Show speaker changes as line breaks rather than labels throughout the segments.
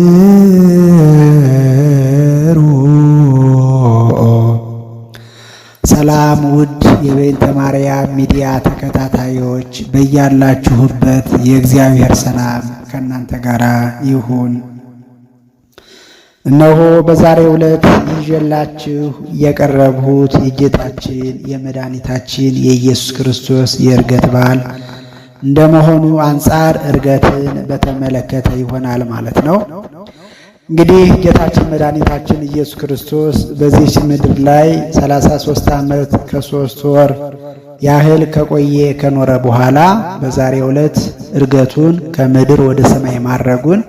እምሩ ሰላም ውድ የቤተ ማርያም ሚዲያ ተከታታዮች በያላችሁበት የእግዚአብሔር ሰላም ከእናንተ ጋር ይሁን። እነሆ በዛሬው ዕለት ይዤላችሁ የቀረብሁት የጌታችን የመድኃኒታችን የኢየሱስ ክርስቶስ የእርገት በዓል እንደመሆኑ አንጻር እርገትን በተመለከተ ይሆናል ማለት ነው። እንግዲህ ጌታችን መድኃኒታችን ኢየሱስ ክርስቶስ በዚች ምድር ላይ ሰላሳ ዓመት ከሶስት ወር ያህል ከቆየ ከኖረ በኋላ በዛሬ ዕለት እርገቱን ከምድር ወደ ሰማይ ማድረጉን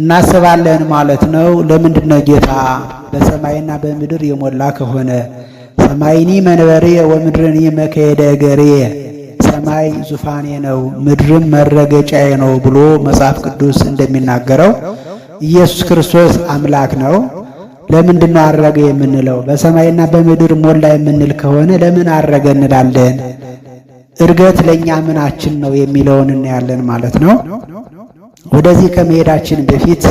እናስባለን ማለት ነው። ለምንድን ነው ጌታ በሰማይና በምድር የሞላ ከሆነ ሰማይኒ መንበሬ ወምድርኒ መከየደ እገሬ ሰማይ ዙፋኔ ነው፣ ምድርም መረገጫዬ ነው ብሎ መጽሐፍ ቅዱስ እንደሚናገረው ኢየሱስ ክርስቶስ አምላክ ነው። ለምንድን ነው አረገ የምንለው? በሰማይና በምድር ሞላ የምንል ከሆነ ለምን አረገ እንላለን? እርገት ለእኛ ምናችን ነው የሚለውን እናያለን ማለት ነው። ወደዚህ ከመሄዳችን በፊት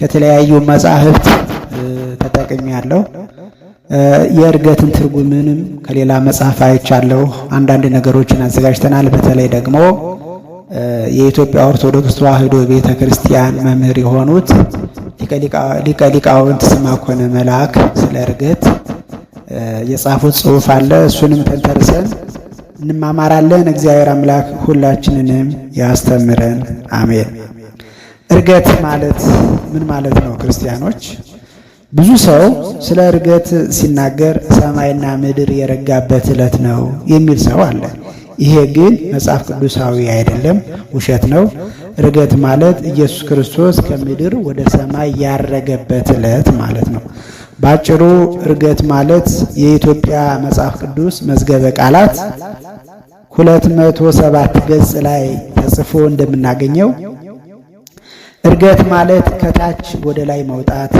ከተለያዩ መጻሕፍት ተጠቅሜያለሁ። የእድገትን ትርጉምንም ከሌላ መጽሐፍ አይቻለሁ። አንዳንድ ነገሮችን አዘጋጅተናል። በተለይ ደግሞ የኢትዮጵያ ኦርቶዶክስ ተዋሕዶ ቤተ ክርስቲያን መምህር የሆኑት ሊቀ ሊቃውንት ስማ መልአክ ስለ እርገት የጻፉት ጽሑፍ አለ። እሱንም ተንተርሰን እንማማራለን። እግዚአብሔር አምላክ ሁላችንንም ያስተምረን። አሜን። እርገት ማለት ምን ማለት ነው? ክርስቲያኖች ብዙ ሰው ስለ እርገት ሲናገር ሰማይና ምድር የረጋበት ዕለት ነው የሚል ሰው አለ። ይሄ ግን መጽሐፍ ቅዱሳዊ አይደለም፣ ውሸት ነው። እርገት ማለት ኢየሱስ ክርስቶስ ከምድር ወደ ሰማይ ያረገበት ዕለት ማለት ነው። ባጭሩ እርገት ማለት የኢትዮጵያ መጽሐፍ ቅዱስ መዝገበ ቃላት 207 ገጽ ላይ ተጽፎ እንደምናገኘው እርገት ማለት ከታች ወደ ላይ መውጣት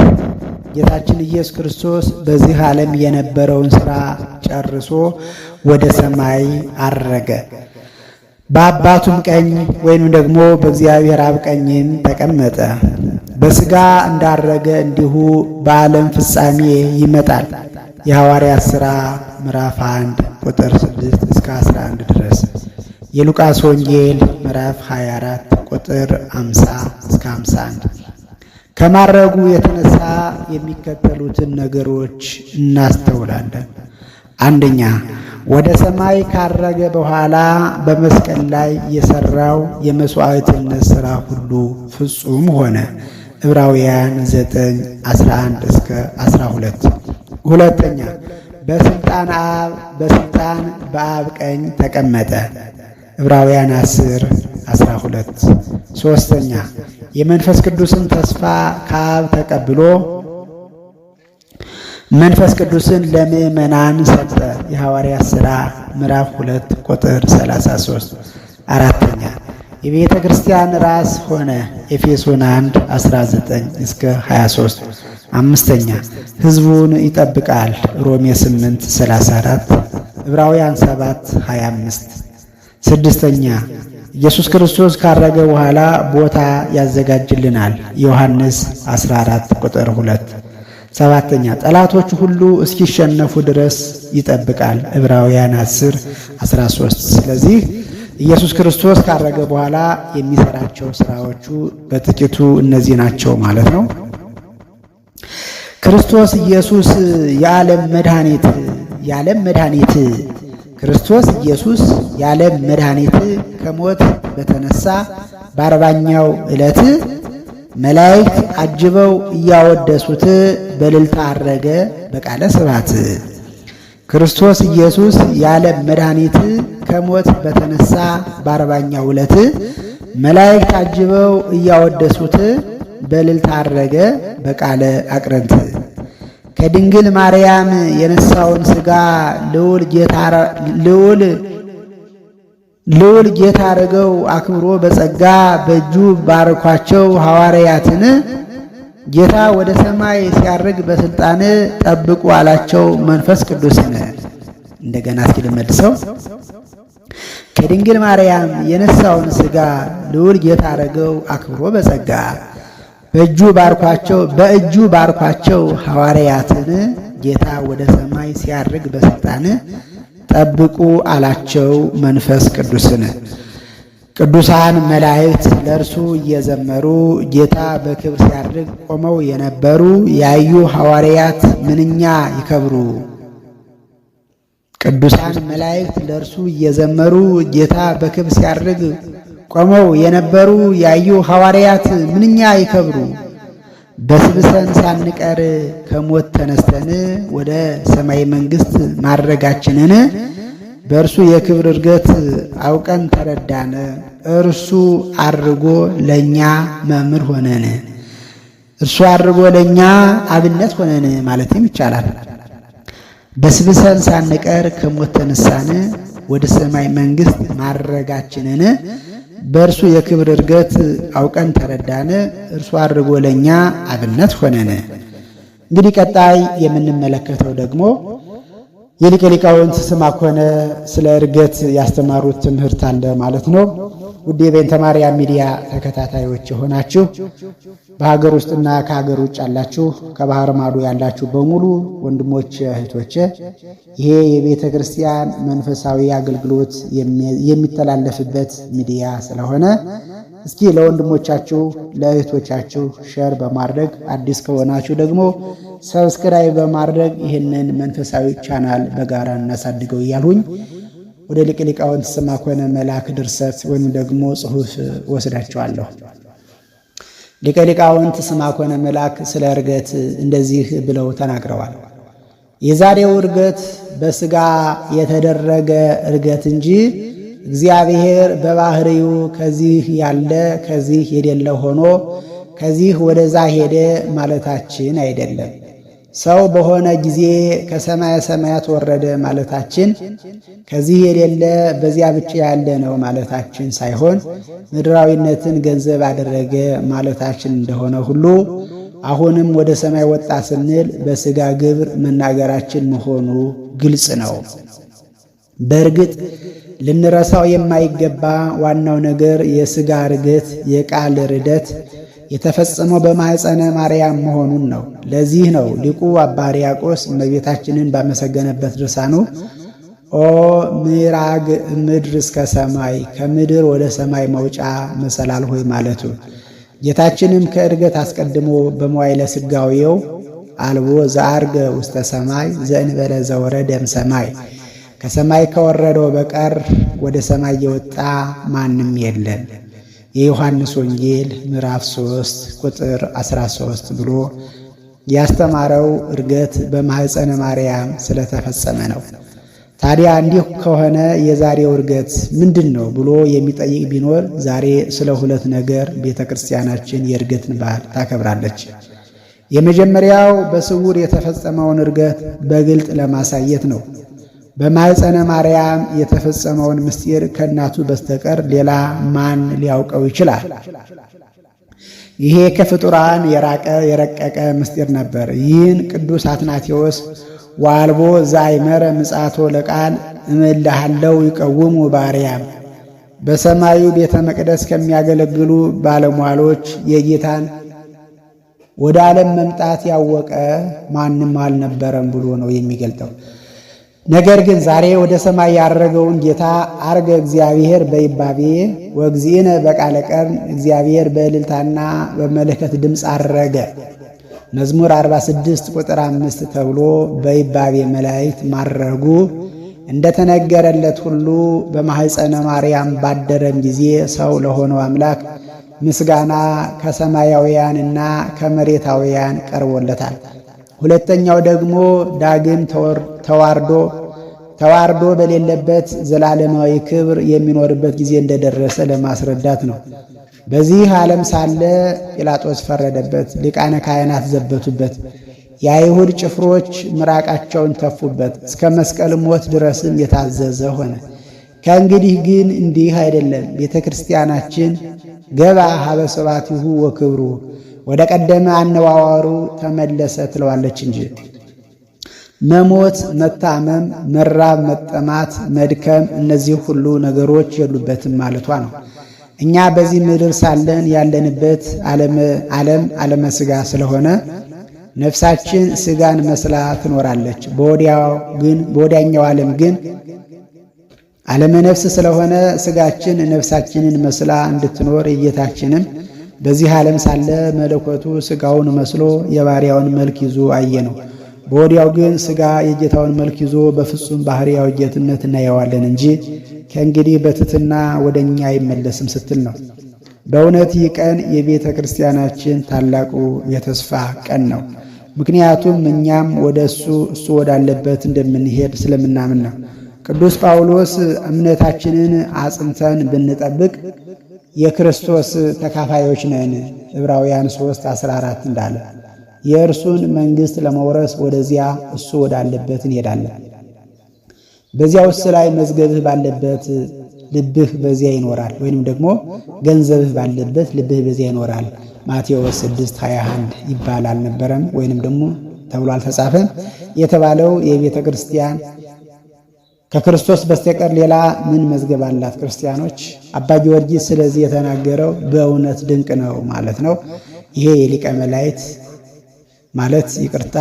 ጌታችን ኢየሱስ ክርስቶስ በዚህ ዓለም የነበረውን ሥራ ጨርሶ ወደ ሰማይ አረገ። በአባቱም ቀኝ ወይም ደግሞ በእግዚአብሔር አብ ቀኝም ተቀመጠ። በሥጋ እንዳረገ እንዲሁ በዓለም ፍጻሜ ይመጣል። የሐዋርያት ሥራ ምዕራፍ 1 ቁጥር 6 እስከ 11 ድረስ የሉቃስ ወንጌል ምዕራፍ 24 ቁጥር 50 እስከ 51 ከማድረጉ የተነሳ የሚከተሉትን ነገሮች እናስተውላለን። አንደኛ ወደ ሰማይ ካረገ በኋላ በመስቀል ላይ የሰራው የመስዋዕትነት ሥራ ሁሉ ፍጹም ሆነ። ዕብራውያን 9 11 እስከ 12። ሁለተኛ በስልጣን አብ በስልጣን በአብ ቀኝ ተቀመጠ። ዕብራውያን 10 12። ሦስተኛ የመንፈስ ቅዱስን ተስፋ ከአብ ተቀብሎ መንፈስ ቅዱስን ለምእመናን ሰጠ። የሐዋርያ ሥራ ምዕራፍ 2 ቁጥር 33። አራተኛ የቤተ ክርስቲያን ራስ ሆነ። ኤፌሶን 1 19 እስከ 23። አምስተኛ ሕዝቡን ይጠብቃል። ሮሜ 8 34፣ ዕብራውያን 7 25። ስድስተኛ ኢየሱስ ክርስቶስ ካረገ በኋላ ቦታ ያዘጋጅልናል። ዮሐንስ 14 ቁጥር 2። ሰባተኛ ጠላቶች ሁሉ እስኪሸነፉ ድረስ ይጠብቃል። ዕብራውያን 10 13። ስለዚህ ኢየሱስ ክርስቶስ ካረገ በኋላ የሚሰራቸው ስራዎቹ በጥቂቱ እነዚህ ናቸው ማለት ነው። ክርስቶስ ኢየሱስ የዓለም መድኃኒት የዓለም መድኃኒት ክርስቶስ ኢየሱስ የዓለም መድኃኒት ከሞት በተነሳ በአርባኛው ዕለት መላእክት አጅበው እያወደሱት በልልታ አረገ በቃለ ስብሐት። ክርስቶስ ኢየሱስ የዓለም መድኃኒት ከሞት በተነሳ በአርባኛው ዕለት መላእክት አጅበው እያወደሱት በልልታ አረገ በቃለ አቅረንት። ከድንግል ማርያም የነሳውን ጌታ ልውል ልዑል ጌታ አድርገው አክብሮ በጸጋ በእጁ ባርኳቸው ሐዋርያትን ጌታ ወደ ሰማይ ሲያርግ በስልጣን ጠብቁ አላቸው መንፈስ ቅዱስን። እንደገና እስኪ ልመልሰው። ከድንግል ማርያም የነሳውን ስጋ ልውል ጌታ አርገው አክብሮ በጸጋ በእጁ ባርኳቸው በእጁ ባርኳቸው ሐዋርያትን ጌታ ወደ ሰማይ ሲያርግ በስልጣን ጠብቁ አላቸው መንፈስ ቅዱስን። ቅዱሳን መላእክት ለእርሱ እየዘመሩ ጌታ በክብር ሲያርግ ቆመው የነበሩ ያዩ ሐዋርያት ምንኛ ይከብሩ። ቅዱሳን መላእክት ለእርሱ እየዘመሩ ጌታ በክብር ሲያርግ ቆመው የነበሩ ያዩ ሐዋርያት ምንኛ ይከብሩ። በስብሰን ሳንቀር ከሞት ተነስተን ወደ ሰማይ መንግሥት ማድረጋችንን በእርሱ የክብር እርገት አውቀን ተረዳን። እርሱ አድርጎ ለእኛ መምህር ሆነን፣ እርሱ አድርጎ ለእኛ አብነት ሆነን ማለትም ይቻላል። በስብሰን ሳንቀር ከሞት ተነሳን ወደ ሰማይ መንግሥት ማድረጋችንን በእርሱ የክብር እርገት አውቀን ተረዳነ። እርሱ አድርጎ ለእኛ አብነት ሆነነ። እንግዲህ ቀጣይ የምንመለከተው ደግሞ የሊቀ ሊቃውንት ኮነ ስለ እርገት ያስተማሩት ትምህርት አለ ማለት ነው። ውድ የቤንተ ማርያም ሚዲያ ተከታታዮች የሆናችሁ በሀገር ውስጥና ከሀገር ውጭ ያላችሁ ከባህር ማዶ ያላችሁ በሙሉ ወንድሞች እህቶች ይሄ የቤተ ክርስቲያን መንፈሳዊ አገልግሎት የሚተላለፍበት ሚዲያ ስለሆነ እስኪ ለወንድሞቻችሁ ለእህቶቻችሁ ሸር በማድረግ አዲስ ከሆናችሁ ደግሞ ሰብስክራይብ በማድረግ ይህንን መንፈሳዊ ቻናል በጋራ እናሳድገው እያልሁኝ ወደ ሊቀ ሊቃውንት ስማ ኮነ መልአክ ድርሰት ወይም ደግሞ ጽሑፍ ወስዳቸዋለሁ። ሊቀ ሊቃውንት ስማ ኮነ መልአክ ስለ እርገት እንደዚህ ብለው ተናግረዋል። የዛሬው እርገት በስጋ የተደረገ እርገት እንጂ እግዚአብሔር በባህሪው ከዚህ ያለ ከዚህ የሌለ ሆኖ ከዚህ ወደዛ ሄደ ማለታችን አይደለም። ሰው በሆነ ጊዜ ከሰማየ ሰማያት ወረደ ማለታችን ከዚህ የሌለ በዚያ ብቻ ያለ ነው ማለታችን ሳይሆን ምድራዊነትን ገንዘብ አደረገ ማለታችን እንደሆነ ሁሉ አሁንም ወደ ሰማይ ወጣ ስንል በሥጋ ግብር መናገራችን መሆኑ ግልጽ ነው። በእርግጥ ልንረሳው የማይገባ ዋናው ነገር የሥጋ ርግት፣ የቃል ርደት የተፈጸመው በማኅፀነ ማርያም መሆኑን ነው። ለዚህ ነው ሊቁ አባ ሕርያቆስ እመቤታችንን ባመሰገነበት ድርሳኑ ኦ ምራግ ምድር እስከ ሰማይ ከምድር ወደ ሰማይ መውጫ መሰላል ሆይ ማለቱ። ጌታችንም ከእድገት አስቀድሞ በመዋይለ ሥጋዌው አልቦ ዘአርገ ውስተ ሰማይ ዘእንበለ ዘወረደ እም ሰማይ ከሰማይ ከወረደው በቀር ወደ ሰማይ የወጣ ማንም የለም። የዮሐንስ ወንጌል ምዕራፍ 3 ቁጥር 13 ብሎ ያስተማረው እርገት በማኅፀነ ማርያም ስለተፈጸመ ነው። ታዲያ እንዲህ ከሆነ የዛሬው እርገት ምንድን ነው ብሎ የሚጠይቅ ቢኖር ዛሬ ስለ ሁለት ነገር ቤተ ክርስቲያናችን የእርገትን በዓል ታከብራለች። የመጀመሪያው በስውር የተፈጸመውን እርገት በግልጥ ለማሳየት ነው። በማኅፀነ ማርያም የተፈጸመውን ምስጢር ከእናቱ በስተቀር ሌላ ማን ሊያውቀው ይችላል? ይሄ ከፍጡራን የራቀ የረቀቀ ምስጢር ነበር። ይህን ቅዱስ አትናቴዎስ ዋልቦ ዛይመረ ምጻቶ ለቃል እምልሃለው ይቀውሙ ባርያም በሰማዩ ቤተ መቅደስ ከሚያገለግሉ ባለሟሎች የጌታን ወደ ዓለም መምጣት ያወቀ ማንም አልነበረም ብሎ ነው የሚገልጠው። ነገር ግን ዛሬ ወደ ሰማይ ያረገውን ጌታ አርገ እግዚአብሔር በይባቤ ወእግዚእነ በቃለ ቀርን እግዚአብሔር በእልልታና በመለከት ድምፅ አረገ መዝሙር 46 ቁጥር 5 ተብሎ በይባቤ መላእክት ማረጉ እንደተነገረለት ሁሉ በማኅፀነ ማርያም ባደረም ጊዜ ሰው ለሆነው አምላክ ምስጋና ከሰማያውያንና ከመሬታውያን ቀርቦለታል። ሁለተኛው ደግሞ ዳግም ተዋርዶ ተዋርዶ በሌለበት ዘላለማዊ ክብር የሚኖርበት ጊዜ እንደደረሰ ለማስረዳት ነው። በዚህ ዓለም ሳለ ጲላጦስ ፈረደበት፣ ሊቃነ ካህናት ዘበቱበት፣ የአይሁድ ጭፍሮች ምራቃቸውን ተፉበት፣ እስከ መስቀል ሞት ድረስም የታዘዘ ሆነ። ከእንግዲህ ግን እንዲህ አይደለም። ቤተ ክርስቲያናችን ገባ ሀበ ወክብሩ ወደ ቀደመ አነዋዋሩ ተመለሰ ትለዋለች እንጂ መሞት፣ መታመም፣ መራብ፣ መጠማት፣ መድከም እነዚህ ሁሉ ነገሮች የሉበትም ማለቷ ነው። እኛ በዚህ ምድር ሳለን ያለንበት ዓለም ዓለመ ሥጋ ስለሆነ ነፍሳችን ሥጋን መስላ ትኖራለች። በወዲያኛው ዓለም ግን ዓለመ ነፍስ ስለሆነ ሥጋችን ነፍሳችንን መስላ እንድትኖር እየታችንም በዚህ ዓለም ሳለ መለኮቱ ሥጋውን መስሎ የባሪያውን መልክ ይዞ አየ ነው በወዲያው ግን ሥጋ የጌታውን መልክ ይዞ በፍጹም ባሕርያዊ ጌትነት እናየዋለን እንጂ ከእንግዲህ በትትና ወደ እኛ አይመለስም ስትል ነው። በእውነት ይህ ቀን የቤተ ክርስቲያናችን ታላቁ የተስፋ ቀን ነው። ምክንያቱም እኛም ወደ እሱ እሱ ወዳለበት እንደምንሄድ ስለምናምን ነው። ቅዱስ ጳውሎስ እምነታችንን አጽንተን ብንጠብቅ የክርስቶስ ተካፋዮች ነን ዕብራውያን 3 14 እንዳለ የእርሱን መንግሥት ለመውረስ ወደዚያ እሱ ወዳለበት እንሄዳለን። በዚያ ውስጥ ላይ መዝገብህ ባለበት ልብህ በዚያ ይኖራል፣ ወይንም ደግሞ ገንዘብህ ባለበት ልብህ በዚያ ይኖራል። ማቴዎስ 6 21 ይባላል ነበረም ወይንም ደግሞ ተብሎ አልተጻፈም የተባለው የቤተ ክርስቲያን ከክርስቶስ በስተቀር ሌላ ምን መዝገብ አላት? ክርስቲያኖች አባ ጊዮርጊስ ስለዚህ የተናገረው በእውነት ድንቅ ነው ማለት ነው። ይሄ የሊቀ መላእክት ማለት ይቅርታ፣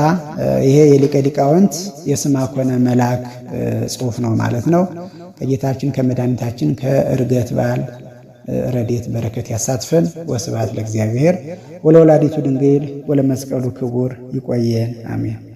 ይሄ የሊቀ ሊቃውንት የስማ ኮነ መልአክ ጽሑፍ ነው ማለት ነው። ከጌታችን ከመድኃኒታችን ከእርገት በዓል ረድኤት በረከት ያሳትፈን። ወስብሐት ለእግዚአብሔር ወለወላዲቱ ድንግል ወለመስቀሉ ክቡር። ይቆየን። አሜን።